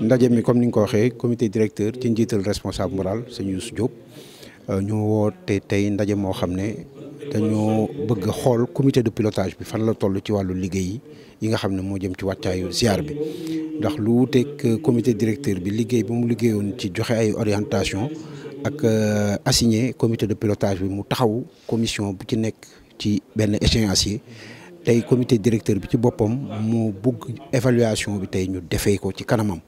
ndaje mi comme ni nga ko waxee comité directeur ci njiital responsable moral sëñ Youssou Diop euh, ñu woote tey ndaje moo xam ne dañoo bëgg xool comité de pilotage bi fan la toll ci wàllu liggéey yi nga xam ne moo jëm ci wàccaayu ziar bi ndax lu wuteeg euh, comité directeur bi liggéey bi mu liggéeyoon ci joxe ay orientation ak euh, assigné commité de pilotage bi mu taxaw commission bu ci nekk ci benn yi tey comité directeur bi ci boppam mu bugg évaluation bi tey ñu defee ko ci kanamam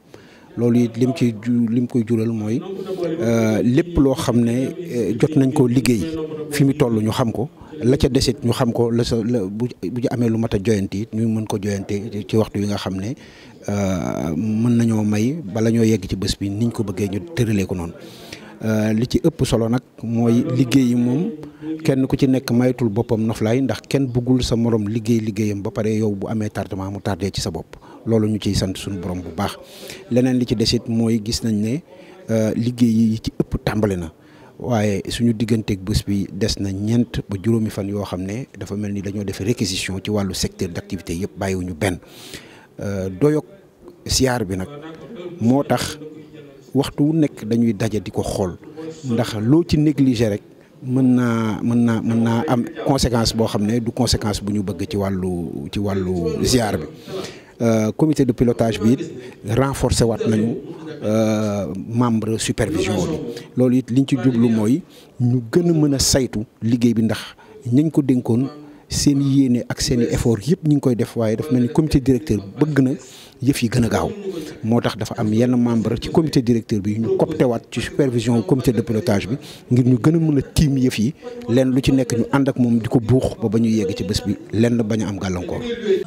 loolu it lim ci lim koy jural mooy euh, lépp loo xam ne euh, jot nañ ko liggéey fi mu toll ñu xam ko la ca desit ñu xam ko la sa la amee lu mat a joyanti it ñu mën ko joyante ci waxtu yi nga xam ne euh, mën nañoo may bala ñoo yegg ci bés bi niñ ko bëggee ñu tëralee ko noonu li ci ëpp solo nag mooy liggéey yi moom kenn ku ci nekk maytul boppam noflaay ndax kenn buggul sa moroom liggéey liggéeyam ba pare yow bu amee tardement mu tardé ci sa bopp loolu ñu ci sant suñu borom bu baax leneen li ci desit mooy gis nañ ne euh, liggéey yi ci ëpp tàmbali na waaye suñu digganteek bés bi des na ñeent ba juróomi fan yoo xam ne dafa mel ni dañoo def réquisition ci wàllu secteur d'activité yëpp bàyyiwuñu benn euh, doyok siyaar bi nag moo tax waxtu wu nekk dañuy daje di ko xool ndax loo ci négliger rek mën naa mën naa mën naa am conséquence boo xam ne du conséquence bu ñu bëgg ci wàllu ci wàllu ziar bi Euh, comité de pilotage bi it renforcé waat nañu euh, membre supervision bi loolu it liñ ci jublu mooy ñu gën a mën a saytu liggéey bi ndax ñu ñañ ko dénkoon seen yéene ak seen i effort yëpp ñu ngi koy def waaye dafa mel ni comité directeur bëgg na yëf gën gaaw moo tax dafa am yenn membre ci comité directeur bi ñu copte waat ci supervision comité de pilotage bi ngir ñu gën a mën a tiim yëf yi leen lu ci nekk ñu ànd ak moom di ko buux ba ba ñu yegg ci bés bi leen bañ a am gàllankoor.